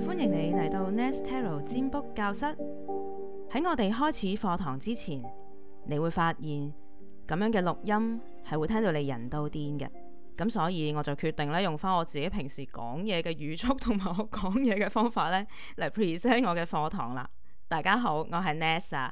歡迎你嚟到 Nest Tarot 占卜教室。喺我哋開始課堂之前，你會發現咁樣嘅錄音係會聽到你人都癲嘅。咁所以我就決定咧用翻我自己平時講嘢嘅語速同埋我講嘢嘅方法咧嚟 present 我嘅課堂啦。大家好，我係 Nesta。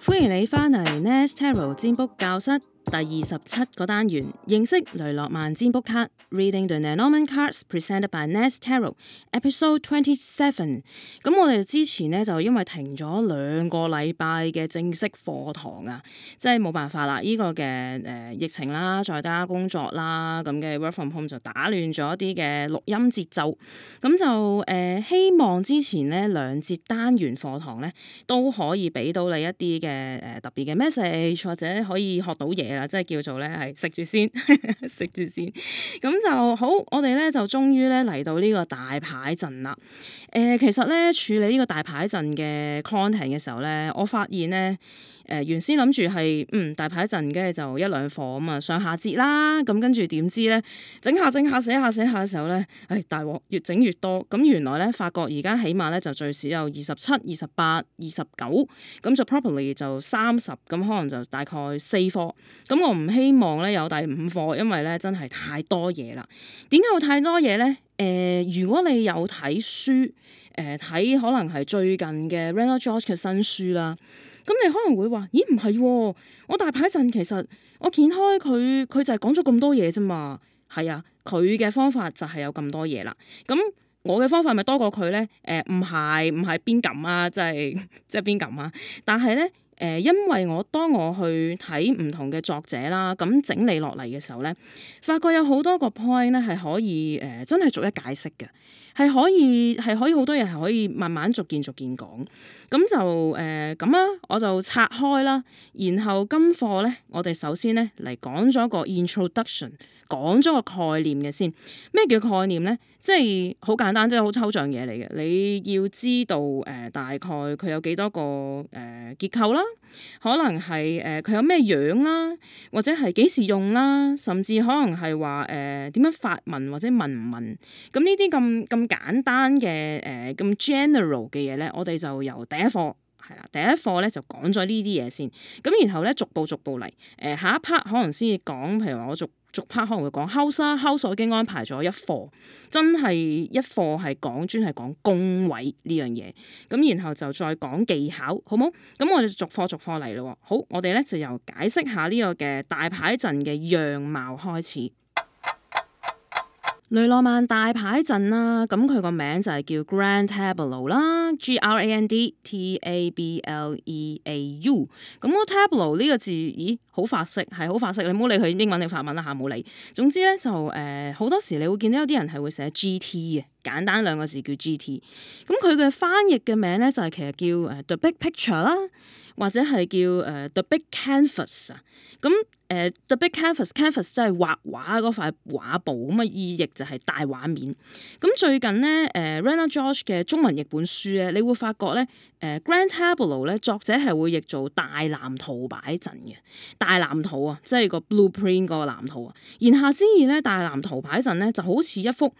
歡迎你翻嚟 Nest Tarot 占卜教室。第二十七個單元認識雷諾曼占卜卡，Reading the Norman Cards presented by Nestero Episode 27。咁我哋之前呢，就因為停咗兩個禮拜嘅正式課堂啊，即係冇辦法啦。呢、這個嘅誒、呃、疫情啦，再加工作啦，咁嘅 Work from Home 就打亂咗一啲嘅錄音節奏。咁就誒、呃、希望之前呢兩節單元課堂呢，都可以俾到你一啲嘅誒特別嘅 message 或者可以學到嘢。啦，即係叫做咧係食住先，食住先，咁就好。我哋咧就終於咧嚟到呢個大牌陣啦。誒、呃，其實咧處理呢個大牌陣嘅 content 嘅時候咧，我發現呢，誒、呃、原先諗住係嗯大牌陣，跟住就一兩課啊嘛，上下節啦。咁跟住點知咧，整下整下寫下寫下嘅時候咧，誒，大鑊，越整越多。咁原來咧發覺而家起碼咧就最少有二十七、二十八、二十九，咁就 properly 就三十，咁可能就大概四課。咁我唔希望咧有第五課，因為咧真係太多嘢啦。點解會太多嘢咧？誒、呃，如果你有睇書，誒、呃、睇可能係最近嘅 Randall Jones 嘅新書啦，咁你可能會話：咦，唔係、哦，我大排陣其實我掀開佢，佢就係講咗咁多嘢啫嘛。係啊，佢嘅方法就係有咁多嘢啦。咁我嘅方法咪多過佢咧？誒、呃，唔係唔係邊撳啊？即係即係邊撳啊？但係咧。誒，因為我當我去睇唔同嘅作者啦，咁整理落嚟嘅時候咧，發覺有好多個 point 咧係可以誒、呃，真係逐一解釋嘅，係可以係可以好多嘢係可以慢慢逐件逐件講，咁就誒咁啦，我就拆開啦，然後今課咧，我哋首先咧嚟講咗個 introduction，講咗個概念嘅先，咩叫概念咧？即係好簡單，即係好抽象嘢嚟嘅。你要知道誒、呃，大概佢有幾多個誒、呃、結構啦，可能係誒佢有咩樣啦，或者係幾時用啦，甚至可能係話誒點樣發文或者問唔問。咁呢啲咁咁簡單嘅誒咁、呃、general 嘅嘢咧，我哋就由第一課係啦，第一課咧就講咗呢啲嘢先。咁然後咧，逐步逐步嚟。誒、呃、下一 part 可能先至講，譬如話我逐。逐 part 可能會講 house house 已經安排咗一課，真係一課係講專係講工位呢樣嘢，咁然後就再講技巧，好唔好？咁我哋逐課逐課嚟咯。好，我哋咧就由解釋下呢個嘅大牌陣嘅樣貌開始。雷諾曼大牌陣啦，咁佢個名就係叫 Grand Tableau 啦，G-R-A-N-D-T-A-B-L-E-A-U。咁個 Tableau 呢個字，咦，好法式，係好法式，你唔好理佢英文定法文啦嚇，唔好理。總之咧，就誒好、呃、多時你會見到有啲人係會寫 G.T 嘅，T，簡單兩個字叫 G.T。咁佢嘅翻譯嘅名咧，就係其實叫 The Big Picture 啦。或者係叫誒、uh, The Big Canvas 啊，咁誒、uh, The Big Canvas，canvas 即 canvas 係畫畫嗰塊畫布，咁嘅意譯就係大畫面。咁最近呢，誒、uh, Rena George 嘅中文譯本書咧，你會發覺咧，誒、uh, Grand Tableau 咧，作者係會譯做大藍圖擺陣嘅，大藍圖啊，即係個 blueprint 個藍圖啊。言下之意咧，大藍圖擺陣咧就好似一幅誒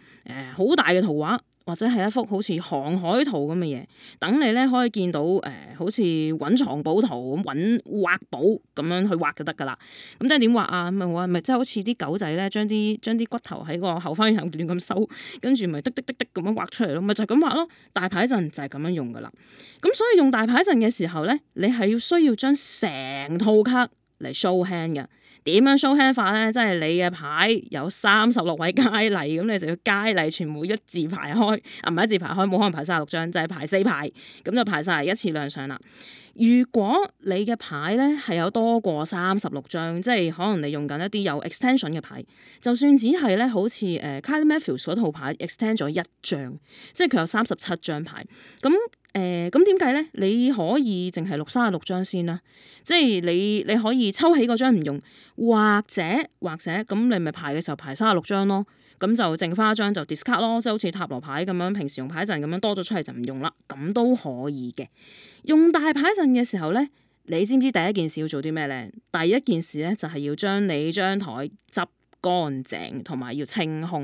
好、uh, 大嘅圖畫。或者係一幅好似航海圖咁嘅嘢，等你咧可以見到誒、呃，好似搵藏寶圖咁搵畫寶咁樣去畫就得噶啦。咁即係點畫啊？咁啊，咪即係好似啲狗仔咧，將啲將啲骨頭喺個後方亂亂咁收，跟住咪滴滴滴滴咁樣畫出嚟咯，咪就係咁畫咯。大牌陣就係咁樣用噶啦。咁所以用大牌陣嘅時候咧，你係要需要將成套卡嚟 show hand 嘅。點樣 showhand 法咧？即係你嘅牌有三十六位佳麗，咁你就要佳麗全部一字排開，啊，唔係一字排開，冇可能排三十六張，就係排四排，咁就排晒一次亮相啦。如果你嘅牌咧係有多過三十六張，即係可能你用緊一啲有 extension 嘅牌，就算只係咧好似誒 Kyle Matthews 嗰套牌 extend 咗一張，即係佢有三十七張牌。咁誒咁點解咧？你可以淨係錄三十六張先啦，即係你你可以抽起嗰張唔用，或者或者咁你咪排嘅時候排三十六張咯。咁就淨花張就 discount 咯，即係好似塔羅牌咁樣，平時用牌陣咁樣多咗出嚟就唔用啦，咁都可以嘅。用大牌陣嘅時候呢，你知唔知第一件事要做啲咩呢？第一件事呢，就係要將你張枱執乾淨同埋要清空，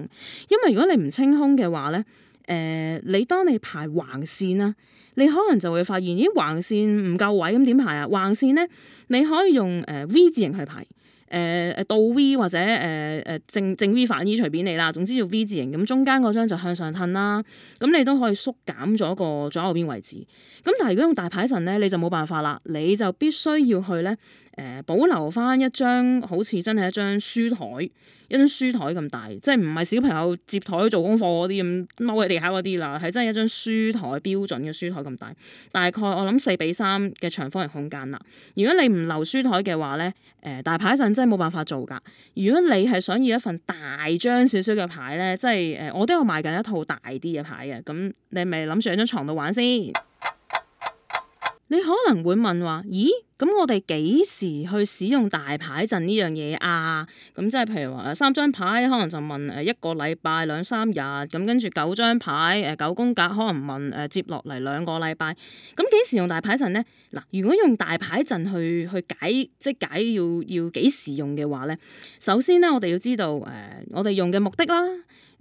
因為如果你唔清空嘅話呢，誒、呃、你當你排橫線啦，你可能就會發現咦，橫線唔夠位咁點排啊？橫線呢，你可以用誒、呃、V 字形去排。誒誒倒 V 或者誒誒、呃、正正 V 反 V 隨便你啦，總之要 V 字形咁，中間嗰張就向上褪啦。咁你都可以縮減咗個左右邊位置。咁但係如果用大牌神咧，你就冇辦法啦，你就必須要去咧。誒，保留翻一張好似真係一張書台，一張書台咁大，即係唔係小朋友接台做功課嗰啲咁踎喺地下嗰啲啦，係真係一張書台，標準嘅書台咁大，大概我諗四比三嘅長方形空間啦。如果你唔留書台嘅話咧，誒、呃、大牌陣真係冇辦法做㗎。如果你係想要一份大張少少嘅牌咧，即係誒、呃、我都有賣緊一套大啲嘅牌嘅，咁你咪諗住喺張床度玩先。你可能會問話，咦？咁我哋幾時去使用大牌陣呢樣嘢啊？咁即係譬如話三張牌，可能就問一個禮拜兩三日咁，跟住九張牌，九宮格，可能問接落嚟兩個禮拜。咁幾時用大牌陣呢？嗱，如果用大牌陣去去解即解要要幾時用嘅話呢？首先呢，我哋要知道誒、呃、我哋用嘅目的啦。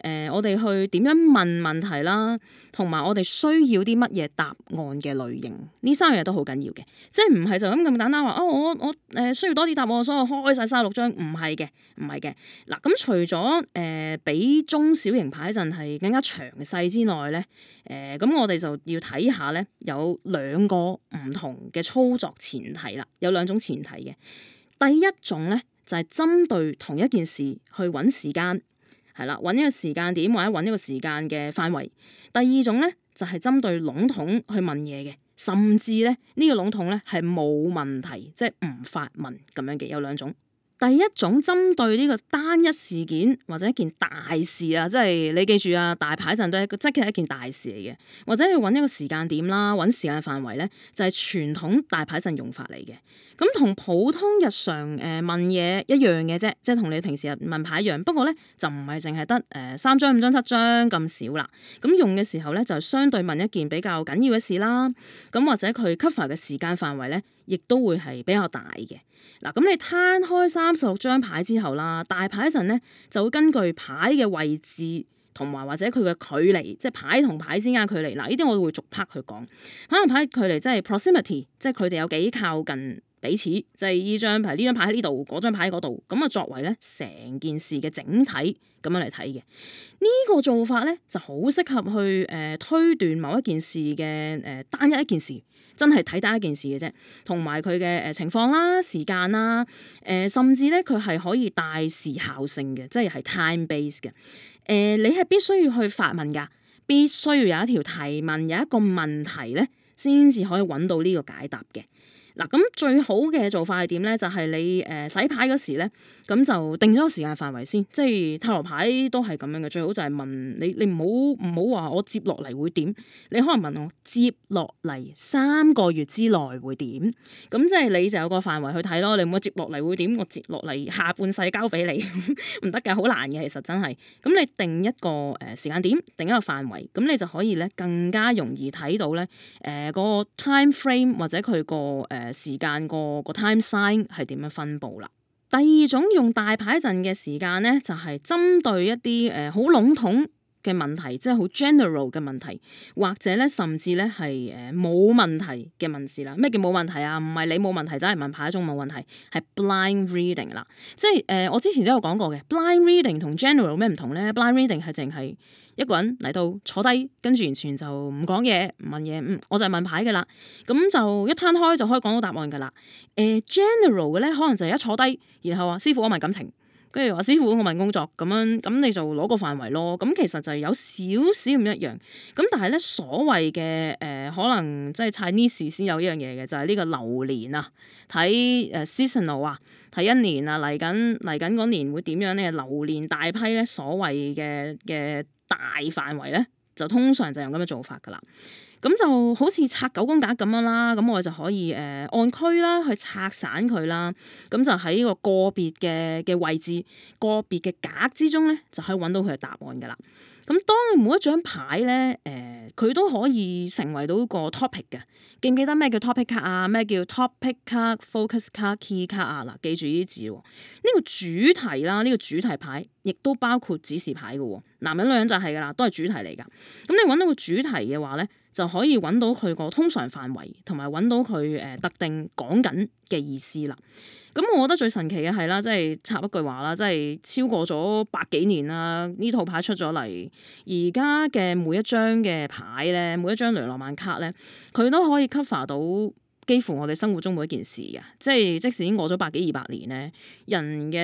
誒、呃，我哋去點樣問問題啦，同埋我哋需要啲乜嘢答案嘅類型，呢三樣嘢都好緊要嘅，即係唔係就咁咁簡單話哦？我我誒需要多啲答案，所以我開晒三十六張，唔係嘅，唔係嘅。嗱、呃、咁除咗誒俾中小型牌陣係更加詳細之外咧，誒、呃、咁我哋就要睇下咧，有兩個唔同嘅操作前提啦，有兩種前提嘅。第一種咧就係、是、針對同一件事去揾時間。係啦，揾呢個時間點或者揾呢個時間嘅範圍。第二種咧就係、是、針對籠統去問嘢嘅，甚至咧呢、呢個籠統咧係冇問題，即係唔發問咁樣嘅，有兩種。第一種針對呢個單一事件或者一件大事啊，即係你記住啊，大牌陣都係，即係其實一件大事嚟嘅。或者去揾一個時間點啦，揾時間範圍咧，就係傳統大牌陣用法嚟嘅。咁同普通日常誒問嘢一樣嘅啫，即係同你平時啊問牌一樣。不過咧就唔係淨係得誒三張五張七張咁少啦。咁用嘅時候咧就係相對問一件比較緊要嘅事啦。咁或者佢 cover 嘅時間範圍咧，亦都會係比較大嘅嗱。咁你攤開三十六張牌之後啦，大牌一陣咧就會根據牌嘅位置同埋或者佢嘅距離，即係牌同牌之間距離。嗱，呢啲我會逐拍 a r t 去講牌同牌距離，即係 proximity，即係佢哋有幾靠近彼此。即係呢張牌呢張牌喺呢度，嗰張牌喺嗰度。咁啊，作為咧成件事嘅整體咁樣嚟睇嘅呢個做法咧，就好適合去誒、呃、推斷某一件事嘅誒、呃、單一一件事。真係睇單一件事嘅啫，同埋佢嘅誒情況啦、時間啦，誒、呃、甚至咧佢係可以帶時效性嘅，即係係 time base 嘅。誒、呃，你係必須要去發問㗎，必須要有一條提問，有一個問題咧，先至可以揾到呢個解答嘅。嗱、啊，咁最好嘅做法係點咧？就係、是、你誒、呃、洗牌嗰時咧。咁就定咗個時間範圍先，即係塔羅牌都係咁樣嘅。最好就係問你，你唔好唔好話我接落嚟會點，你可能問我接落嚟三個月之內會點。咁即係你就有個範圍去睇咯。你唔好接落嚟會點，我接落嚟下半世交俾你唔得㗎，好 難嘅。其實真係咁，你定一個誒時間點，定一個範圍，咁你就可以咧更加容易睇到咧誒、呃個 time frame 或者佢個誒時間個、個 time sign 係點樣分布啦。第二種用大牌陣嘅時間呢，就係、是、針對一啲誒好籠統。嘅問題，即係好 general 嘅問題，或者咧，甚至咧係誒冇問題嘅問事啦。咩叫冇問題啊？唔係你冇問題，就係、是、問牌一種冇問題，係 blind reading 啦。即係誒、呃，我之前都有講過嘅 blind reading gen 同 general 有咩唔同咧？blind reading 係淨係一個人嚟到坐低，跟住完全就唔講嘢，唔問嘢，嗯，我就係問牌嘅啦。咁就一攤開就可以講到答案噶啦。誒、呃、，general 嘅咧，可能就係一坐低，然後話，師傅我問感情。跟住話師傅，我問工作咁樣，咁你就攞個範圍咯。咁其實就有少少唔一樣。咁但係咧，所謂嘅誒，可能即係泰呢時先有一樣嘢嘅，就係呢個流年啊，睇誒 seasonal 啊，睇一年啊，嚟緊嚟緊嗰年會點樣咧？流年大批咧，所謂嘅嘅大範圍咧，就通常就用咁嘅做法㗎啦。咁就好似拆九宮格咁樣啦，咁我就可以誒、呃、按區啦去拆散佢啦。咁就喺個個別嘅嘅位置，個別嘅格之中咧，就可以揾到佢嘅答案㗎啦。咁當每一張牌咧，誒、呃、佢都可以成為到個 topic 嘅。記唔記得咩叫 topic 卡啊？咩叫 topic 卡、focus 卡、key 卡啊？嗱，記住呢啲字喎、哦。呢、這個主題啦，呢、這個主題牌亦都包括指示牌嘅喎、哦。男人女人就係㗎啦，都係主題嚟㗎。咁你揾到個主題嘅話咧？就可以揾到佢個通常範圍，同埋揾到佢誒、呃、特定講緊嘅意思啦。咁我覺得最神奇嘅係啦，即係插一句話啦，即係超過咗百幾年啦，呢套牌出咗嚟，而家嘅每一張嘅牌咧，每一張雷諾曼卡咧，佢都可以 cover 到。幾乎我哋生活中每一件事嘅，即係即使已經過咗百幾二百年咧，人嘅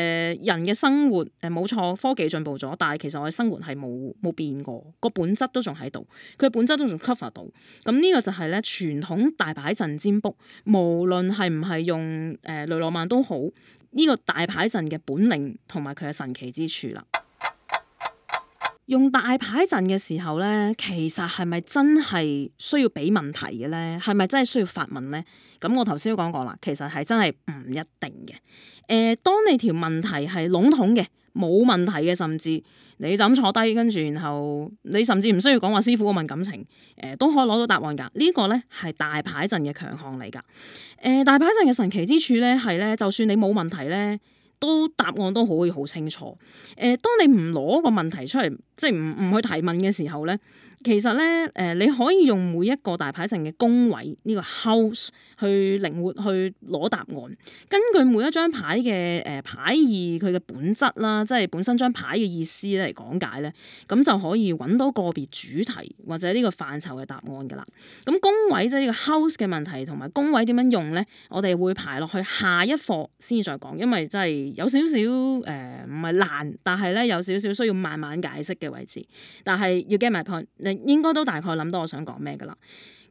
人嘅生活誒，冇錯，科技進步咗，但係其實我哋生活係冇冇變過，個本質都仲喺度，佢嘅本質都仲 cover 到。咁呢、嗯這個就係咧傳統大牌陣占，占卜，無論係唔係用誒、呃、雷諾曼都好，呢、這個大牌陣嘅本領同埋佢嘅神奇之處啦。用大牌陣嘅時候咧，其實係咪真係需要俾問題嘅咧？係咪真係需要發問咧？咁我頭先都講過啦，其實係真係唔一定嘅。誒、呃，當你條問題係籠統嘅、冇問題嘅，甚至你就咁坐低，跟住然後你甚至唔需要講話師傅，我問感情，誒、呃、都可以攞到答案㗎。呢個咧係大牌陣嘅強項嚟㗎。誒、呃，大牌陣嘅神奇之處咧係咧，就算你冇問題咧。都答案都可以好清楚。誒，當你唔攞個問題出嚟，即係唔唔去提問嘅時候咧，其實咧，誒你可以用每一個大牌陣嘅宮位呢、這個 house 去靈活去攞答案，根據每一張牌嘅誒、呃、牌意佢嘅本質啦，即係本身張牌嘅意思咧嚟講解咧，咁就可以揾到個別主題或者呢個範疇嘅答案㗎啦。咁宮位即係呢個 house 嘅問題同埋宮位點樣用咧，我哋會排落去下一課先至再講，因為真係有少少誒唔係難，但係咧有少少需要慢慢解釋嘅位置，但係要 get 埋 point。應該都大概諗到我想講咩噶啦。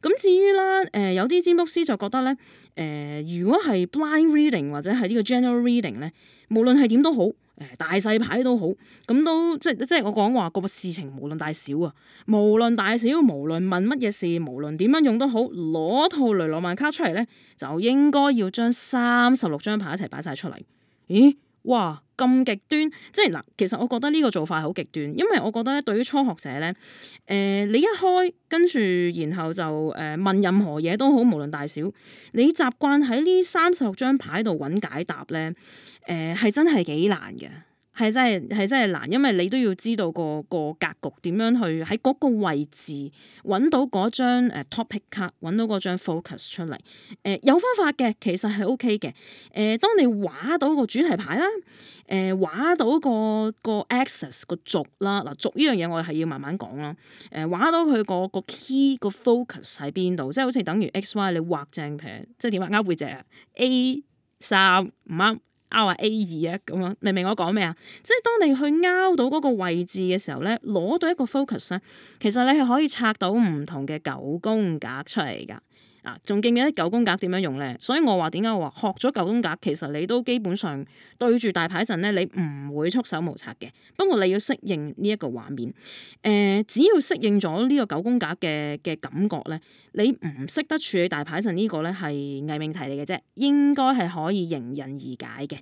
咁至於啦，誒、呃、有啲占卜師就覺得咧，誒、呃、如果係 blind reading 或者係呢個 general reading 咧，無論係點都好，誒大細牌都好，咁都即即係我講話個事情，無論大小啊，無論大小，無論問乜嘢事，無論點樣用都好，攞套雷諾曼卡出嚟咧，就應該要將三十六張牌一齊擺晒出嚟。咦？哇！咁極端，即係嗱，其實我覺得呢個做法好極端，因為我覺得咧，對於初學者咧，誒、呃，你一開跟住，然後就誒、呃、問任何嘢都好，無論大小，你習慣喺呢三十六張牌度揾解答咧，誒、呃，係真係幾難嘅。係真係係真係難，因為你都要知道個個格局點樣去喺嗰個位置揾到嗰張 topic 卡，揾到嗰張 focus 出嚟。誒有方法嘅，其實係 OK 嘅。誒、呃、當你畫到個主題牌啦，誒、呃、畫到、個個、個個 axis 個軸啦，嗱、呃、軸呢樣嘢我係要慢慢講啦。誒、呃、畫到佢個個 key 個 focus 喺邊度，即係好似等於 x y 你畫正平，即係點啊？啱背脊啊？A 三唔啱。勾啊 A 二啊咁樣，明唔明我講咩啊？2, 即係當你去勾到嗰個位置嘅時候咧，攞到一個 focus 咧，其實你係可以拆到唔同嘅九宮格出嚟㗎。啊！仲記唔記得九宮格點樣用咧？所以我話點解我話學咗九宮格，其實你都基本上對住大牌陣咧，你唔會束手無策嘅。不過你要適應呢一個畫面。誒、呃，只要適應咗呢個九宮格嘅嘅感覺咧，你唔識得處理大牌陣呢個咧係偽命題嚟嘅啫，應該係可以迎刃而解嘅。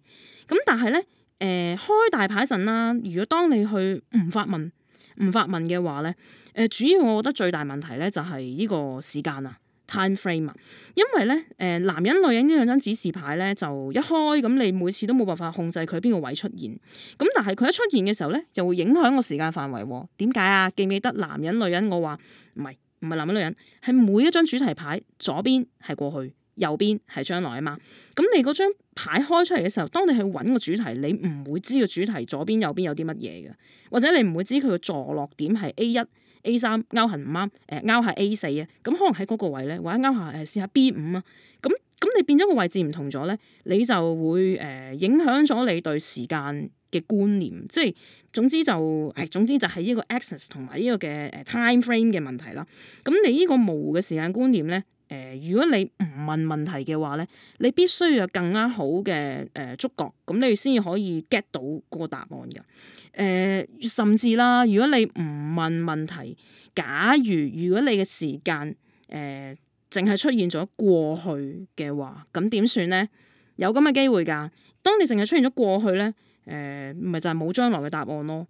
咁但係咧，誒、呃，開大牌陣啦。如果當你去唔發問唔發問嘅話咧，誒、呃，主要我覺得最大問題咧就係呢個時間啊。Time frame 啊，因為咧誒、男人女人呢兩張指示牌咧就一開，咁，你每次都冇辦法控制佢邊個位出現，咁但係佢一出現嘅時候咧，就會影響個時間範圍，點解啊？記唔記得男人女人，我話唔係唔係男人女人，係每一張主題牌左邊係過去。右邊係將來啊嘛，咁你嗰張牌開出嚟嘅時候，當你去揾個主題，你唔會知個主題左邊右邊有啲乜嘢嘅，或者你唔會知佢個座落點係 A 一、A 三、一、A 三勾痕唔啱，誒勾下 A 四啊，咁可能喺嗰個位咧，或者勾下誒試下 B 五啊，咁咁你變咗個位置唔同咗咧，你就會誒、呃、影響咗你對時間嘅觀念，即係總之就誒總之就係呢個 axis 同埋呢個嘅誒 time frame 嘅問題啦。咁你呢個模糊嘅時間觀念咧？誒，如果你唔問問題嘅話咧，你必須要有更加好嘅誒觸覺，咁你先至可以 get 到個答案噶。誒、呃，甚至啦，如果你唔問問題，假如如果你嘅時間誒，呃、淨係出現咗過去嘅話，咁點算咧？有咁嘅機會噶，當你淨係出現咗過去咧，誒、呃，咪就係冇將來嘅答案咯，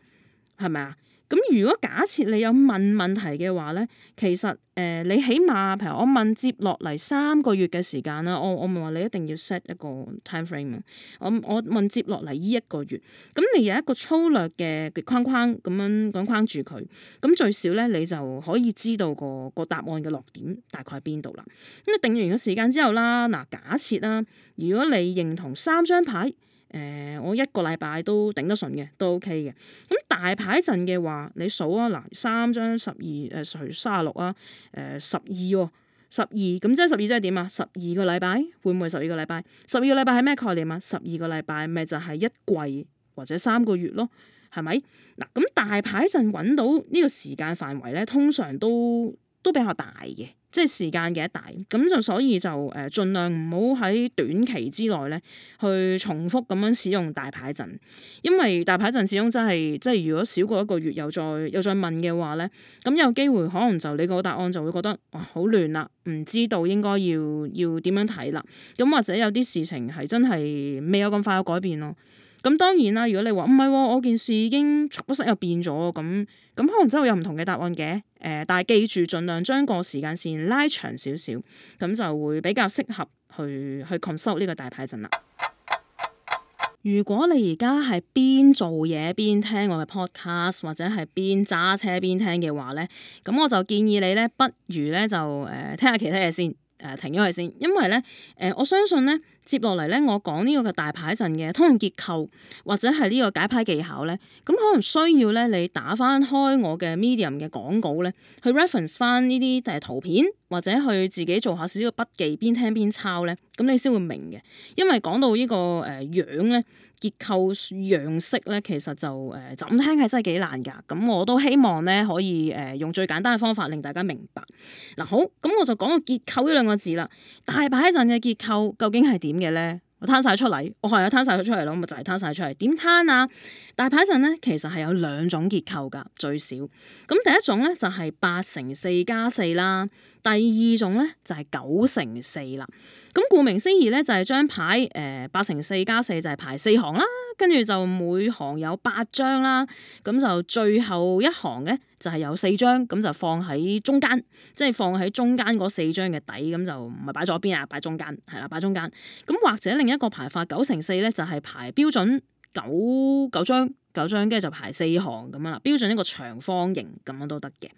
係咪？咁如果假設你有問問題嘅話咧，其實誒、呃、你起碼譬如我問接落嚟三個月嘅時間啦，我我唔話你一定要 set 一個 time frame，我我問接落嚟依一個月，咁你有一個粗略嘅框框咁樣框框住佢，咁最少咧你就可以知道個個答案嘅落點大概喺邊度啦。咁你定完個時間之後啦，嗱假設啦，如果你認同三張牌。誒、呃，我一個禮拜都頂得順嘅，都 OK 嘅。咁大牌陣嘅話，你數啊，嗱三張十二誒除卅六啊，誒十二喎，十二咁即係十二即係點啊？十二個禮拜，會唔會十二個禮拜？十二個禮拜係咩概念啊？十二個禮拜咪就係一季或者三個月咯，係咪嗱？咁大牌陣揾到呢個時間範圍咧，通常都都比較大嘅。即係時間嘅一大，咁就所以就誒，盡量唔好喺短期之內咧，去重複咁樣使用大牌陣，因為大牌陣始終真係，即係如果少過一個月又再又再問嘅話咧，咁有機會可能就你個答案就會覺得哇好亂啦，唔、哦、知道應該要要點樣睇啦，咁或者有啲事情係真係未有咁快有改變咯。咁當然啦，如果你話唔係喎，我件事已經不不又變咗，咁咁可能真係有唔同嘅答案嘅。誒、呃，但係記住盡量將個時間線拉長少少，咁就會比較適合去去 consult 呢個大牌陣啦。如果你而家係邊做嘢邊聽我嘅 podcast，或者係邊揸車邊聽嘅話咧，咁我就建議你咧，不如咧就誒、呃、聽下其他嘢先，誒、呃、停咗佢先，因為咧誒、呃、我相信咧。接落嚟咧，我講呢個嘅大牌陣嘅通用結構，或者係呢個解牌技巧咧，咁可能需要咧你打翻開我嘅 medium 嘅廣告咧，去 reference 翻呢啲誒圖片。或者去自己做下少少嘅筆記，邊聽邊抄咧，咁你先會明嘅。因為講到呢個誒樣咧，結構樣式咧，其實就誒就咁聽係真係幾難㗎。咁我都希望咧可以誒用最簡單嘅方法令大家明白。嗱，好，咁我就講個結構呢兩個字啦。大擺一陣嘅結構究竟係點嘅咧？攤晒出嚟，我係有攤晒佢出嚟咯，我咪就係攤晒出嚟。點攤啊？大牌陣咧，其實係有兩種結構噶最少。咁第一種咧就係八乘四加四啦，4，第二種咧就係九乘四啦。咁顧名思義咧，呃、就係張牌誒，八乘四加四就係排四行啦，跟住就每行有八張啦，咁就最後一行嘅。就係有四張，咁就放喺中間，即係放喺中間嗰四張嘅底，咁就唔係擺左邊啊，擺中間，係啦，擺中間。咁或者另一個排法九乘四咧，就係排標準九九張九張，跟住就排四行咁樣啦，標準一個長方形咁樣都得嘅。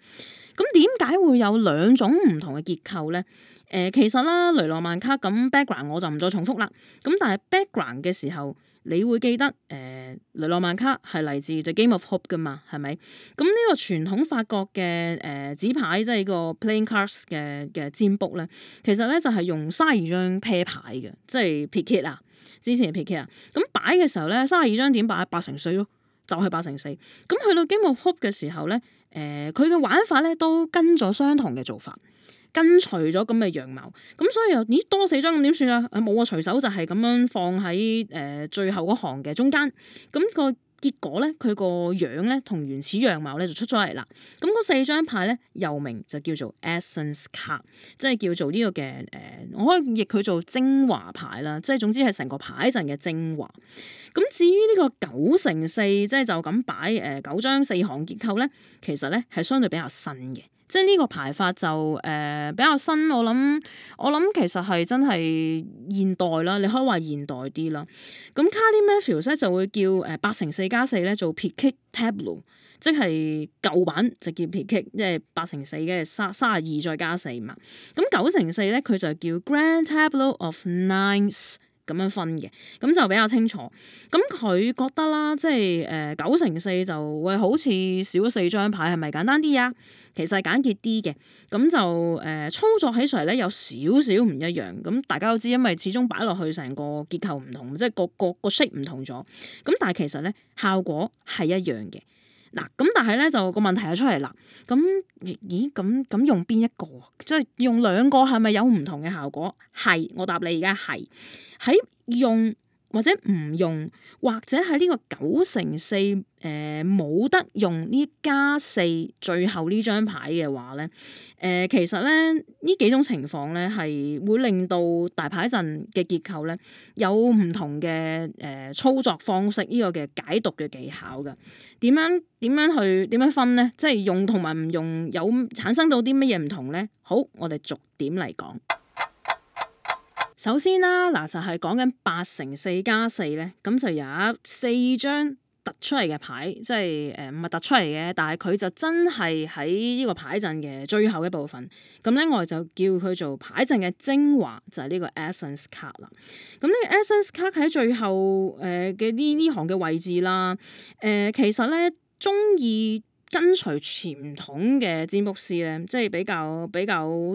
咁點解會有兩種唔同嘅結構咧？誒、呃，其實啦，雷諾曼卡咁 background 我就唔再重複啦。咁但係 background 嘅時候。你會記得誒、呃，雷諾曼卡係嚟自《The Game of Hope》㗎嘛？係咪？咁呢個傳統法國嘅誒紙牌，即係個 playing cards 嘅嘅占卜咧。其實咧就係、是、用卅二張 pair 牌嘅，即係 Picket 啊，之前嘅 Picket 啊。咁擺嘅時候咧，卅二張點擺？八成四咯，就係、是、八成四。咁去到《Game of Hope》嘅時候咧，誒佢嘅玩法咧、呃、都跟咗相同嘅做法。跟隨咗咁嘅樣貌，咁所以又咦多四張咁點算啊？冇啊，隨手就係咁樣放喺誒、呃、最後嗰行嘅中間。咁、那個結果咧，佢個樣咧同原始樣貌咧就出咗嚟啦。咁、那、嗰、個、四張牌咧，又名就叫做 Essence Card，即係叫做呢個嘅誒、呃，我可以譯佢做精華牌啦。即係總之係成個牌陣嘅精華。咁至於呢個九乘四，即係就咁、是、擺誒、呃、九張四行結構咧，其實咧係相對比較新嘅。即係呢個排法就誒、呃、比較新，我諗我諗其實係真係現代啦，你可以話現代啲啦。咁 Cardiffus 咧就會叫誒八乘四加四咧做 picket tableau，即係舊版直接 picket，即係八乘四嘅三十二再加四嘛。咁九乘四咧佢就叫 Grand Tableau of Nines。咁樣分嘅，咁就比較清楚。咁佢覺得啦，即係誒九乘四就會好似少四張牌，係咪簡單啲啊？其實係簡潔啲嘅，咁就誒、呃、操作起上嚟咧有少少唔一樣。咁大家都知，因為始終擺落去成個結構唔同，即係個個個 shape 唔同咗。咁但係其實咧效果係一樣嘅。嗱，咁但係咧就個問題就出嚟啦。咁，咦？咁咁用邊一個啊？即係用兩個係咪有唔同嘅效果？係，我答你而家係，喺用。或者唔用，或者喺呢個九成四，誒冇得用呢加四最後呢張牌嘅話咧，誒、呃、其實咧呢幾種情況咧係會令到大牌陣嘅結構咧有唔同嘅誒操作方式呢、呢個嘅解讀嘅技巧嘅，點樣點樣去點樣分咧？即係用同埋唔用有產生到啲乜嘢唔同咧？好，我哋逐點嚟講。首先啦，嗱就係講緊八乘四加四咧，咁就有四張突出嚟嘅牌，即係誒唔係突出嚟嘅，但係佢就真係喺呢個牌陣嘅最後一部分。咁咧，我哋就叫佢做牌陣嘅精華，就係、是、呢個 Essence Card 啦。咁呢個 Essence Card 喺最後誒嘅呢呢行嘅位置啦，誒、呃、其實咧中意跟隨傳統嘅占卜師咧，即係比較比較。比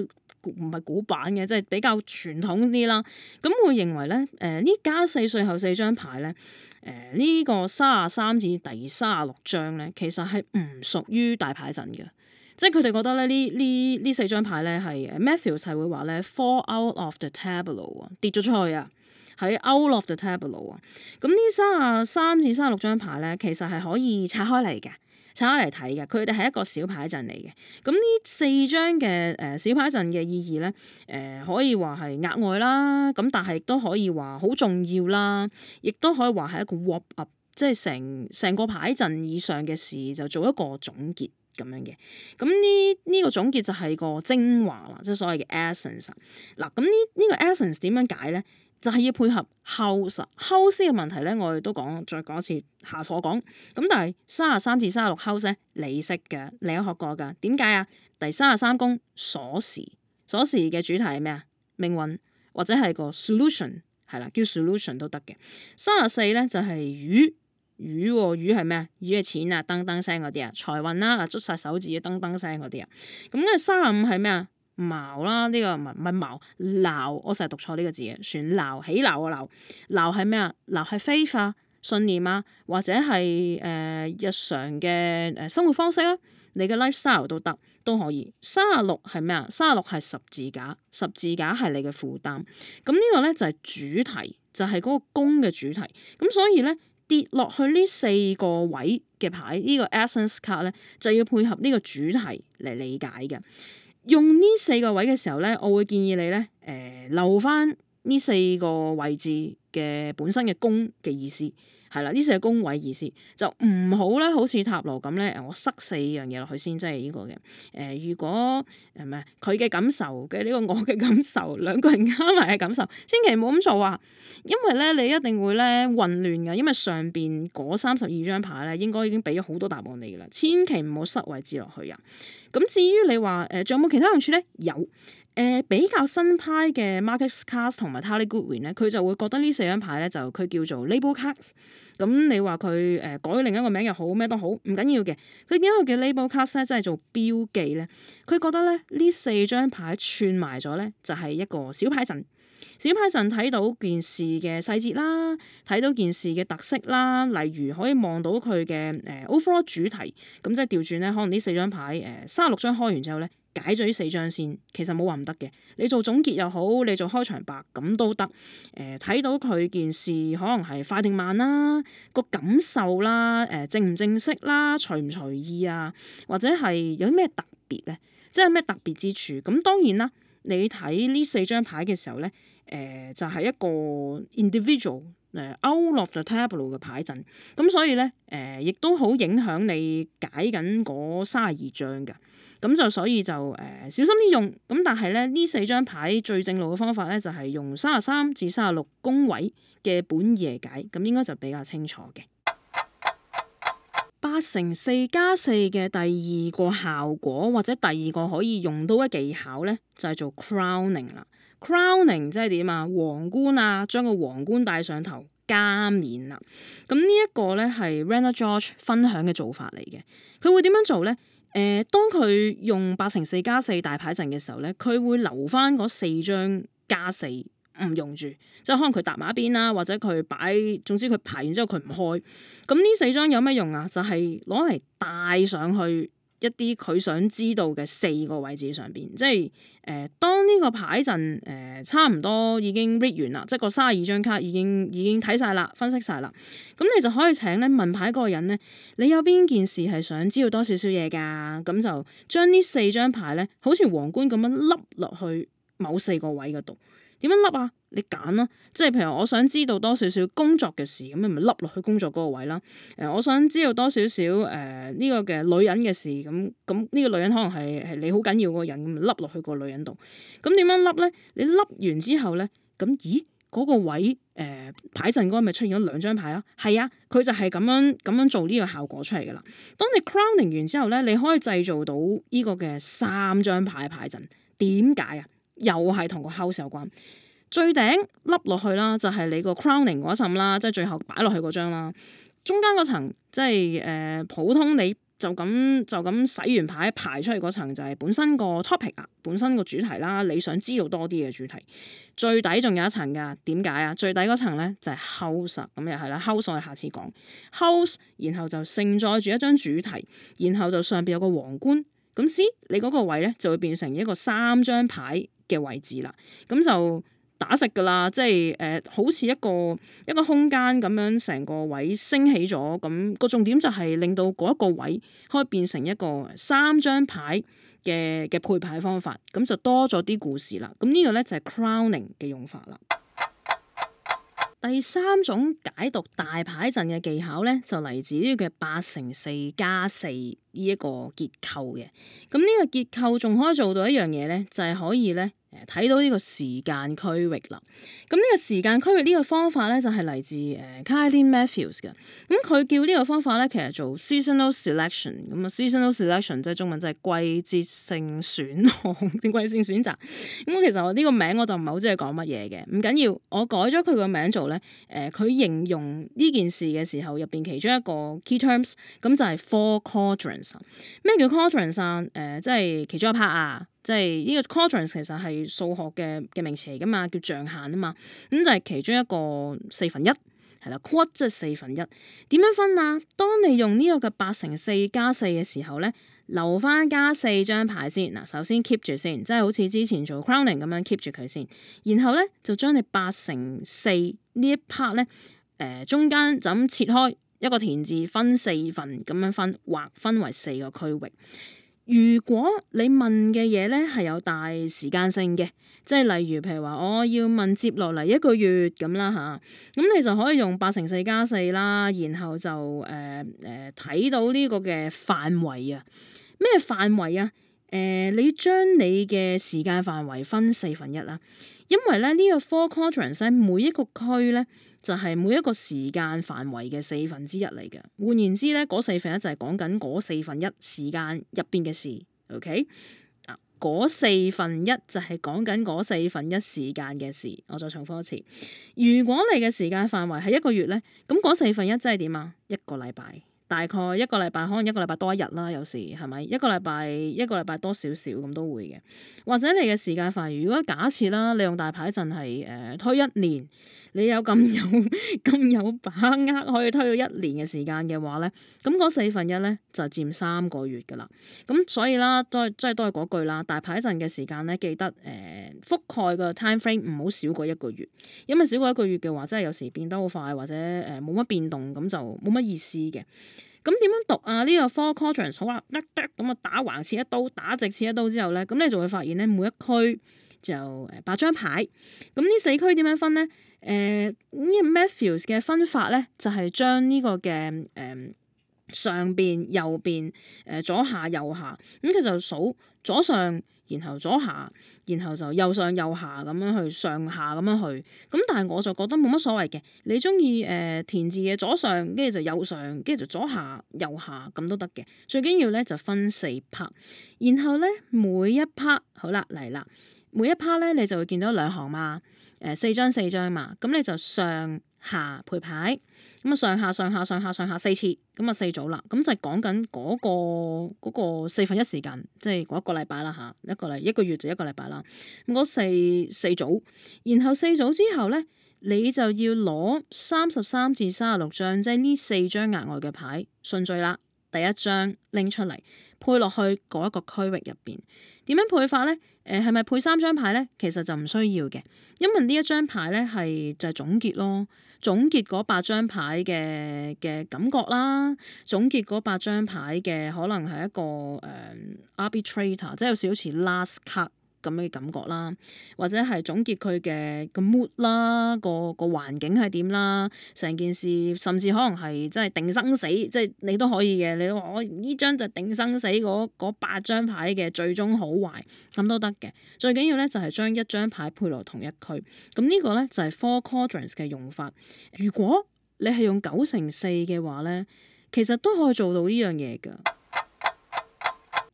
較唔係古板嘅，即係比較傳統啲啦。咁會認為咧，誒呢家四歲後四張牌咧，誒、呃這個、呢個三啊三至第三啊六張咧，其實係唔屬於大牌陣嘅。即係佢哋覺得咧，呢呢呢四張牌咧係 Matthews 係會話咧 fall out of the tableau 啊，跌咗出去啊，喺 out of the tableau 啊。咁呢三啊三至三啊六張牌咧，其實係可以拆開嚟嘅。差嚟睇嘅，佢哋係一個小牌陣嚟嘅。咁呢四張嘅誒小牌陣嘅意義咧，誒、呃、可以話係額外啦，咁但係亦都可以話好重要啦，亦都可以話係一個 wrap up，即係成成個牌陣以上嘅事就做一個總結咁樣嘅。咁呢呢個總結就係個精華啦，即係所謂嘅 essence。嗱，咁呢呢個 essence 點樣解咧？就係要配合 house，house 嘅問題咧，我哋都講再講一次下課講。咁但係三啊三至三啊六 house，你識嘅，你有學過㗎。點解啊？第三啊三公鎖匙，鎖匙嘅主題係咩啊？命運或者係個 solution 係啦，叫 solution 都得嘅。三啊四咧就係魚魚喎，魚係咩啊？魚係錢啊，噔噔聲嗰啲啊，財運啦，捉晒手指啊，噔噔聲嗰啲啊。咁跟住三啊五係咩啊？矛啦，呢、這個唔係唔係矛，鬧。我成日讀錯呢個字嘅，算鬧起鬧啊。鬧鬧係咩啊？鬧係非法信念啊，或者係誒、呃、日常嘅誒生活方式啊，你嘅 life style 都得都可以。三十六係咩啊？三十六係十字架，十字架係你嘅負擔。咁呢個咧就係、是、主題，就係、是、嗰個宮嘅主題。咁所以咧跌落去呢四個位嘅牌，這個、呢個 essence card 咧就要配合呢個主題嚟理解嘅。用呢四個位嘅時候呢，我會建議你呢、呃，留翻呢四個位置嘅本身嘅工嘅意思。係啦，呢個係宮位意思，就唔好咧，好似塔羅咁咧，我塞四樣嘢落去先，即係呢、這個嘅誒、呃。如果唔係佢嘅感受嘅呢、這個，我嘅感受兩個人加埋嘅感受，千祈唔好咁做啊！因為咧，你一定會咧混亂㗎，因為上邊嗰三十二張牌咧，應該已經俾咗好多答案你噶啦，千祈唔好塞位置落去啊！咁至於你話誒，仲、呃、有冇其他用處咧？有。誒、呃、比較新派嘅 Marcus Cast 同埋 Tally Goodwin 咧，佢就會覺得呢四張牌咧，就佢叫做 Label Cards。咁、嗯、你話佢誒改另一個名又好，咩都好，唔緊要嘅。佢點解佢叫 Label Cards 咧？即係做標記咧。佢覺得咧，呢四張牌串埋咗咧，就係一個小牌陣。小牌陣睇到件事嘅細節啦，睇到件事嘅特色啦，例如可以望到佢嘅誒、呃、overall 主題。咁、嗯、即係調轉咧，可能呢四張牌誒三十六張開完之後咧。解咗呢四張先，其實冇話唔得嘅。你做總結又好，你做開場白咁都得。誒，睇、呃、到佢件事可能係快定慢啦、啊，個感受啦、啊，誒、呃、正唔正式啦、啊，隨唔隨意啊，或者係有啲咩特別咧，即係有咩特別之處。咁當然啦，你睇呢四張牌嘅時候咧，誒、呃、就係、是、一個 individual。誒，歐落就 tableau 嘅牌陣，咁所以咧誒、呃、亦都好影響你解緊嗰三十二張嘅，咁就所以就誒、呃、小心啲用。咁但係咧呢四張牌最正路嘅方法咧，就係、是、用三十三至三十六宮位嘅本意嚟解，咁應該就比較清楚嘅。八乘四加四嘅第二個效果或者第二個可以用到嘅技巧咧，就係、是、做 crowning 啦。Crowning 即係點啊？皇冠啊，將個皇冠戴上頭加冕啦、啊。咁呢一個咧係 Rena George 分享嘅做法嚟嘅。佢會點樣做咧？誒、呃，當佢用八乘四加四大牌陣嘅時候咧，佢會留翻嗰四張加四唔用住，即係可能佢搭埋一邊啦，或者佢擺，總之佢排完之後佢唔開。咁呢四張有咩用啊？就係攞嚟戴上去。一啲佢想知道嘅四個位置上邊，即係誒、呃、當呢個牌陣誒、呃、差唔多已經 read 完啦，即係個卅二張卡已經已經睇晒啦，分析晒啦，咁你就可以請咧問牌嗰個人咧，你有邊件事係想知道多少少嘢㗎，咁就將呢四張牌咧，好似皇冠咁樣笠落去某四個位嗰度，點樣笠啊？你揀囉，即係譬如我想知道多少少工作嘅事，咁你咪笠落去工作嗰個位啦。誒、呃，我想知道多少少誒呢、呃這個嘅女人嘅事，咁咁呢個女人可能係係你好緊要個人，咁咪笠落去個女人度。咁點樣笠咧？你笠完之後咧，咁咦嗰、那個位誒、呃、牌陣嗰咪出現咗兩張牌咯。係啊，佢就係咁樣咁樣做呢個效果出嚟噶啦。當你 crowning 完之後咧，你可以製造到呢個嘅三張牌牌陣。點解啊？又係同個 house 有關。最頂凹落去啦，就係、是、你個 crowning 嗰一層啦，即係最後擺落去嗰張啦。中間嗰層即係誒、呃、普通，你就咁就咁洗完牌排出嚟嗰層就係本身個 topic 啊，本身個主題啦。你想知道多啲嘅主題，最底仲有一層㗎。點解啊？最底嗰層咧就係、是、house 咁又係啦。house 我下次講 house，然後就盛載住一張主題，然後就上邊有個皇冠。咁 C 你嗰個位咧就會變成一個三張牌嘅位置啦。咁就打直㗎喇，即係誒、呃，好似一個一個空間咁樣，成個位升起咗，咁、那個重點就係、是、令到嗰一個位可以變成一個三張牌嘅嘅配牌方法，咁就多咗啲故事啦。咁呢個呢，就係、是、crowning 嘅用法啦。 第三種解讀大牌陣嘅技巧呢，就嚟自於嘅八乘四加四呢一個結構嘅。咁呢個結構仲可以做到一樣嘢呢，就係、是、可以呢，睇到呢個時間區域啦，咁呢個時間區域呢個方法咧就係、是、嚟自誒 Kyleen Matthews 嘅，咁佢叫呢個方法咧其實做 seasonal selection，咁啊 seasonal selection 即係中文就係季節性選項， 季節性選擇。咁其實我呢個名我就唔係好知佢講乜嘢嘅，唔緊要，我改咗佢個名做咧，誒、呃、佢形容呢件事嘅時候入邊其中一個 key terms，咁就係 four quadrants。咩叫 quadrants 啊？誒、呃，即係其中一 part 啊？即係呢個 quadrant 其實係數學嘅嘅名詞嚟㗎嘛，叫象限啊嘛，咁、嗯、就係、是、其中一個四分一係啦。quad 即係四分一。點樣分啊？當你用呢個嘅八乘四加四嘅時候咧，留返加四張牌先嗱，首先 keep 住先，即係好似之前做 crowning 咁樣 keep 住佢先，然後咧就將你八乘四呢一 part 咧，誒、呃、中間就咁切開一個田字，分四份咁樣分，劃分為四個區域。如果你問嘅嘢咧係有大時間性嘅，即係例如譬如話我要問接落嚟一個月咁啦吓，咁你就可以用八乘四加四啦，然後就誒誒睇到呢個嘅範圍啊，咩範圍啊？誒、呃、你將你嘅時間範圍分四分一啦，因為咧呢、這個 Four Quadrants 咧每一個區咧。就係每一個時間範圍嘅四分之一嚟嘅。換言之咧，嗰四分一就係講緊嗰四分一時間入邊嘅事。OK，嗰四分一就係講緊嗰四分一時間嘅事。我再重複一次。如果你嘅時間範圍係一個月咧，咁嗰四分一即係點啊？一個禮拜，大概一個禮拜，可能一個禮拜多一日啦，有時係咪？一個禮拜一個禮拜多少少咁都會嘅。或者你嘅時間範圍，如果假設啦，你用大牌陣係誒推一年。你有咁有咁有把握可以推到一年嘅時間嘅話咧，咁嗰四分一咧就係佔三個月㗎啦。咁所以啦，都係即係都係嗰句啦，大牌陣嘅時間咧，記得誒、呃、覆蓋個 time frame 唔好少過一個月，因為少過一個月嘅話，真係有時變得好快，或者誒冇乜變動，咁就冇乜意思嘅。咁點樣讀啊？呢、這個 four quarters 好啦、啊，得得咁啊，打橫切一刀，打直切一刀之後咧，咁你就會發現咧，每一區就誒、呃、八張牌。咁呢四區點樣分咧？誒呢、呃這個 Matthews 嘅分法咧，就係將呢個嘅誒、呃、上邊、右邊、誒、呃、左下、右下，咁、嗯、佢就數左上，然後左下，然後就右上、右下咁樣去上下咁樣去。咁但係我就覺得冇乜所謂嘅，你鍾意誒填字嘅左上，跟住就右上，跟住就左下、右下咁都得嘅。最緊要咧就分四 part，然後咧每一 part 好啦，嚟啦。每一 part 咧，你就會見到兩行嘛，誒、呃、四張四張嘛，咁你就上下配牌咁啊，上下上下上下上下四次咁啊，四組啦。咁就係講緊嗰個四分一時間，即係嗰一個禮拜啦嚇，一個禮一個月就一個禮拜啦。咁、那、嗰、個、四四組，然後四組之後咧，你就要攞三十三至三十六張，即係呢四張額外嘅牌順序啦，第一張拎出嚟配落去嗰一個區域入邊。點樣配法咧？誒係咪配三張牌咧？其實就唔需要嘅，因為張呢一張牌咧係就係、是、總結咯，總結嗰八張牌嘅嘅感覺啦，總結嗰八張牌嘅可能係一個誒、呃、arbitrator，即係有少少似 last cut。咁嘅感覺啦，或者係總結佢嘅個 mood 啦，個個環境係點啦，成件事甚至可能係真係定生死，即係你都可以嘅。你話我呢張就定生死嗰八張牌嘅最終好壞咁都得嘅。最緊要咧就係將一張牌配落同一區。咁呢個咧就係 Four Quadrants 嘅用法。如果你係用九成四嘅話咧，其實都可以做到呢樣嘢㗎。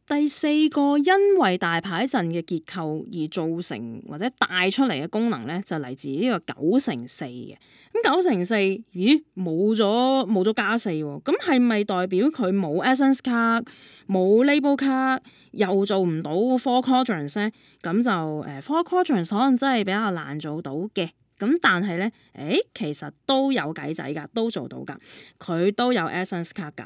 第四個因為大牌陣嘅結構而造成或者帶出嚟嘅功能咧，就嚟自呢個九成四嘅。咁九成四，咦？冇咗冇咗加四喎。咁係咪代表佢冇 essence 卡、冇 label 卡，又做唔到 four quadrants 咧？咁就誒 four quadrants 可能真係比較難做到嘅。咁但係咧，誒其實都有計仔㗎，都做到㗎。佢都有 essence 卡㗎。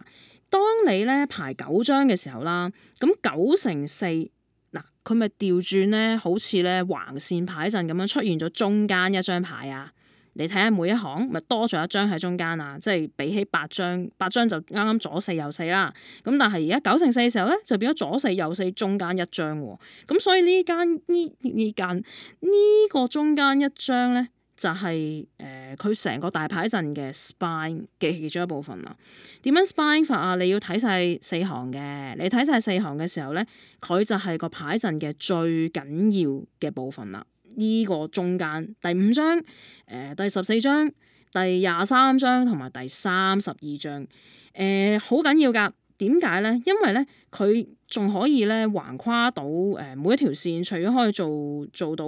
當你咧排九張嘅時候啦，咁九乘四，嗱佢咪調轉咧，好似咧橫線牌陣咁樣出現咗中間一張牌啊！你睇下每一行，咪多咗一張喺中間啊！即係比起八張，八張就啱啱左四右四啦。咁但係而家九乘四嘅時候咧，就變咗左四右四中間一張喎。咁所以呢間呢呢間呢、呢個中間一張咧。就係、是、誒，佢、呃、成個大牌陣嘅 spine 嘅其中一部分啦。點樣 spine 法啊？你要睇晒四行嘅，你睇晒四行嘅時候咧，佢就係個牌陣嘅最緊要嘅部分啦。呢、這個中間第五張、誒、呃、第十四張、第廿三張同埋第三十二張，誒好緊要㗎。點解咧？因為咧，佢仲可以咧橫跨到誒、呃、每一條線，除咗可以做做到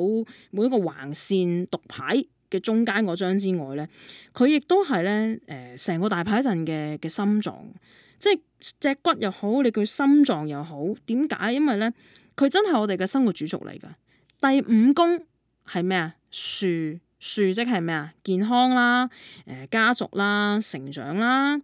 每一個橫線讀牌。嘅中間嗰張之外咧，佢亦都係咧，誒、呃、成個大排陣嘅嘅心臟，即係隻骨又好，你叫佢心臟又好，點解？因為咧，佢真係我哋嘅生活主軸嚟㗎。第五宮係咩啊？樹樹即係咩啊？健康啦，誒、呃、家族啦，成長啦，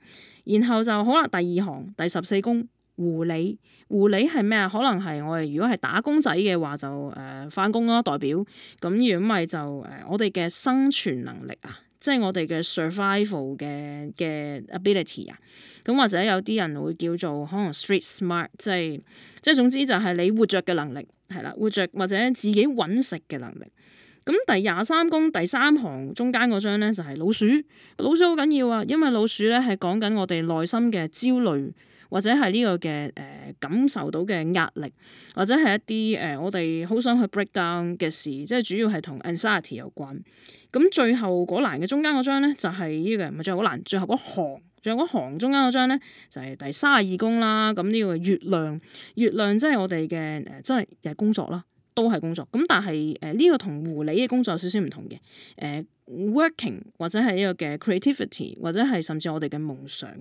然後就好啦。第二行第十四宮護理。狐狸係咩？可能係我哋如果係打工仔嘅話，就誒翻工咯。代表咁，如果唔係就誒、呃，我哋嘅生存能力啊，即係我哋嘅 survival 嘅嘅 ability 啊。咁或者有啲人會叫做可能 street smart，即係即係總之就係你活着嘅能力係啦，活着或者自己揾食嘅能力。咁、嗯、第廿三宮第三行中間嗰張咧就係、是、老鼠，老鼠好緊要啊，因為老鼠咧係講緊我哋內心嘅焦慮。或者係呢個嘅誒、呃、感受到嘅壓力，或者係一啲誒、呃、我哋好想去 break down 嘅事，即係主要係同 anxiety 有關。咁最後嗰欄嘅中間嗰張咧，就係、是、呢、這個唔係最後嗰欄，最後嗰行，最後嗰行中間嗰張咧，就係、是、第三十二宮啦。咁呢個月亮，月亮即係我哋嘅誒，真係又係工作啦。都係工作咁，但係誒呢個同護理嘅工作有少少唔同嘅誒、呃、working 或者係呢個嘅 creativity 或者係甚至我哋嘅夢想咁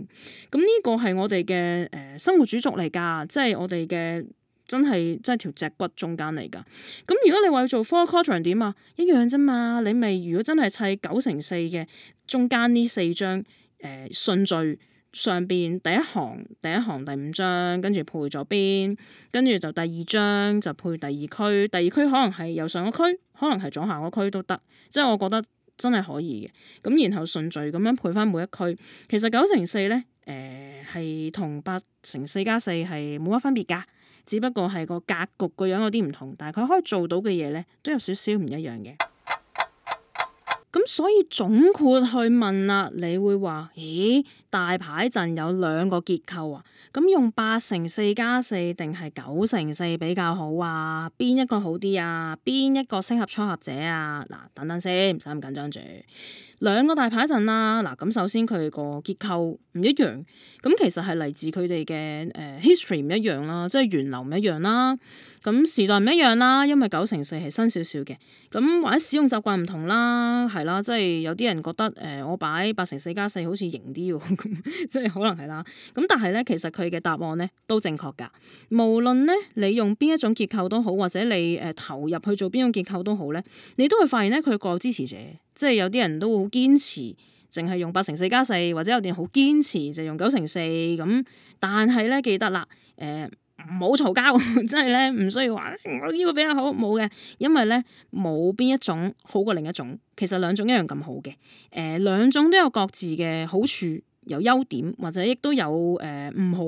呢、嗯，呢個係我哋嘅誒生活主軸嚟噶，即係我哋嘅真係真係條脊骨中間嚟噶。咁、嗯、如果你話要做 four quadrants 點啊，一樣啫嘛，你咪如果真係砌九成四嘅中間呢四張誒、呃、順序。上邊第一行第一行第五張，跟住配咗邊，跟住就第二張就配第二區，第二區可能係右上個區，可能係左下個區都得，即係我覺得真係可以嘅。咁然後順序咁樣配翻每一區，其實九乘四咧，誒係同八乘四加四係冇乜分別㗎，只不過係個格局個樣有啲唔同，但係佢可以做到嘅嘢咧都有少少唔一樣嘅。咁所以總括去問啦，你會話咦？大牌陣有兩個結構啊，咁用八乘四加四定係九乘四比較好啊？邊一個好啲啊？邊一個適合初學者啊？嗱，等等先，唔使咁緊張住。兩個大牌陣啦、啊，嗱，咁首先佢個結構唔一樣，咁其實係嚟自佢哋嘅誒 history 唔一樣啦、啊，即係源流唔一樣啦、啊，咁時代唔一樣啦、啊，因為九乘四係新少少嘅，咁或者使用習慣唔同、啊、啦，係啦，即係有啲人覺得誒、呃、我擺八乘四加四好似型啲喎。 即係 可能係啦，咁但係咧，其實佢嘅答案咧都正確噶。無論咧你用邊一種結構都好，或者你誒投入去做邊種結構都好咧，你都會發現咧佢個支持者，即係有啲人都會好堅持，淨係用八乘四加四，或者有啲人好堅持就係、用九乘四。咁但係咧，記得啦，誒、呃，唔好嘈交，即係咧唔需要話我呢個比較好冇嘅，因為咧冇邊一種好過另一種，其實兩種一樣咁好嘅。誒、呃，兩種都有各自嘅好處。有優點，或者亦都有誒唔、呃、好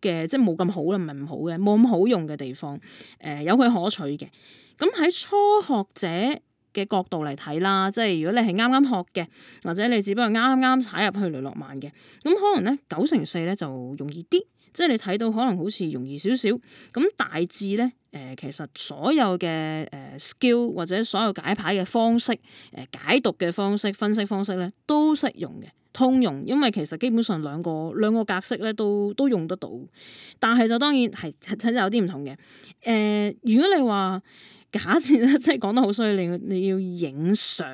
嘅，即係冇咁好啦，唔係唔好嘅，冇咁好用嘅地方，誒、呃、有佢可取嘅。咁喺初學者嘅角度嚟睇啦，即係如果你係啱啱學嘅，或者你只不過啱啱踩入去雷諾曼嘅，咁可能咧九成四咧就容易啲，即係你睇到可能好似容易少少。咁大致咧誒、呃，其實所有嘅誒、呃、skill 或者所有解牌嘅方式、誒、呃、解讀嘅方式、分析方式咧都適用嘅。通用，因為其實基本上兩個兩個格式咧都都用得到，但係就當然係睇有啲唔同嘅。誒、呃。如果你話假設咧，即係講得好衰，你要你要影相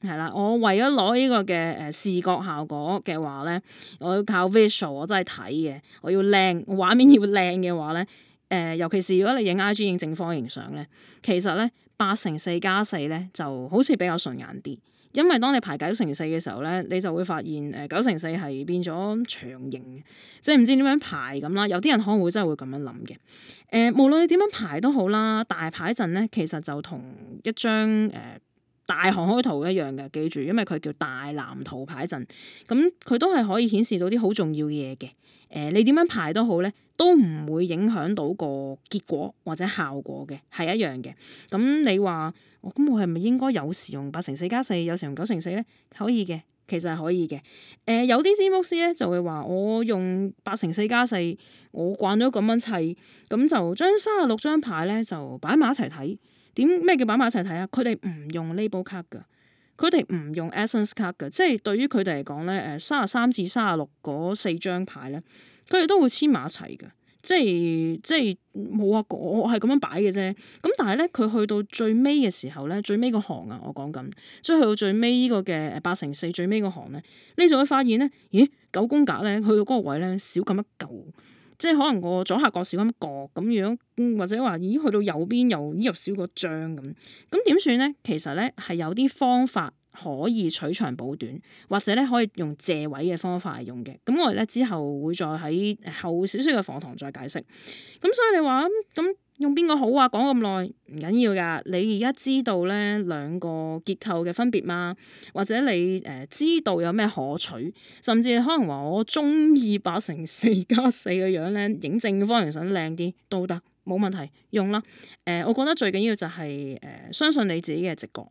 係啦，我為咗攞呢個嘅誒、呃、視覺效果嘅話咧，我要靠 visual，我真係睇嘅，我要靚畫面要靚嘅話咧，誒、呃，尤其是如果你影 I G 影正方形相咧，其實咧八成四加四咧，就好似比較順眼啲。因為當你排九乘四嘅時候咧，你就會發現誒九乘四係變咗長形，即係唔知點樣排咁啦。有啲人可能會真係會咁樣諗嘅。誒、呃，無論你點樣排都好啦，大牌陣咧其實就同一張誒、呃、大航海圖一樣嘅，記住，因為佢叫大藍圖牌陣。咁佢都係可以顯示到啲好重要嘅嘢嘅。誒、呃，你點樣排都好咧。都唔會影響到個結果或者效果嘅，係一樣嘅。咁你話，哦、我咁我係咪應該有時用八乘四加四，4，有時用九乘四咧？可以嘅，其實係可以嘅。誒、呃、有啲占卜師咧就會話，我用八乘四加四，4，我慣咗咁樣砌，咁就將三十六張牌咧就擺埋一齊睇。點咩叫擺埋一齊睇啊？佢哋唔用 label card 噶，佢哋唔用 essence card 噶，即係對於佢哋嚟講咧，誒三十三至三十六嗰四張牌咧。佢哋都會黐埋一齊嘅，即係即係冇啊！我我係咁樣擺嘅啫。咁但係咧，佢去到最尾嘅時候咧，最尾個行啊，我講緊，所以去到最尾依個嘅八乘四最尾個行咧，你就會發現咧，咦九宮格咧，去到嗰個位咧少咁一嚿，即係可能個左下角少咁一角咁樣，或者話咦去到右邊又咦又少個張咁，咁點算咧？其實咧係有啲方法。可以取長補短，或者咧可以用借位嘅方法嚟用嘅。咁我哋咧之後會再喺後少少嘅課堂再解釋。咁所以你話咁用邊個好啊？講咁耐唔緊要㗎。你而家知道咧兩個結構嘅分別嘛？或者你誒知道有咩可取，甚至可能話我中意把成四加四個樣咧影正方形想靚啲，都得冇問題用啦。誒、呃，我覺得最緊要就係誒相信你自己嘅直覺。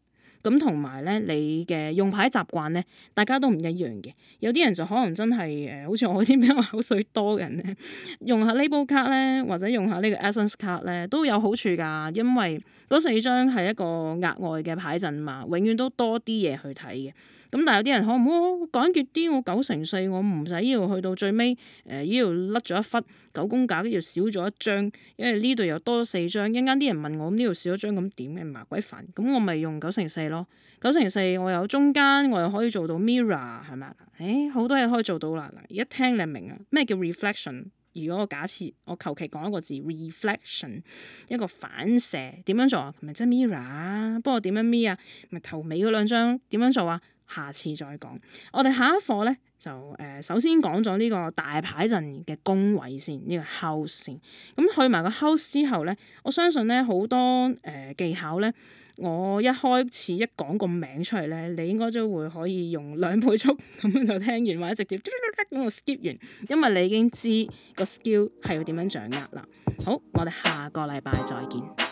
咁同埋咧，你嘅用牌習慣咧，大家都唔一樣嘅。有啲人就可能真係誒、呃，好似我啲咩話口水多嘅人咧， 用下 Label 卡咧，或者用下呢個 Essence 卡咧，都有好處㗎。因為嗰四張係一個額外嘅牌陣嘛，永遠都多啲嘢去睇嘅。咁但係有啲人可唔可以簡潔啲？我九成四我唔使要去到最尾誒，呢度甩咗一忽九公搞，呢度少咗一張，因為呢度又多咗四張。一陣間啲人問我呢度少咗張咁點嘅麻鬼煩，咁我咪用九成四。咯九成四我有中間我又可以做到 mirror 係咪？誒、欸、好多嘢可以做到啦！嗱，一聽你明啊咩叫 reflection？如果我假設我求其講一個字 reflection，一個反射點樣做啊？咪即係 mirror 啊！不過點樣 mirror 啊？咪頭尾嗰兩張點樣做啊？下次再講。我哋下一課咧就誒、呃、首先講咗呢個大牌陣嘅工位先，呢、呢個 house 先。咁去埋個 house 之後咧，我相信咧好多誒、呃、技巧咧。我一開始一講個名出嚟呢，你應該都會可以用兩倍速咁就聽完，或者直接叮叮叮叮咁就 skip 完，因為你已經知個 skill 係要點樣掌握啦。好，我哋下個禮拜再見。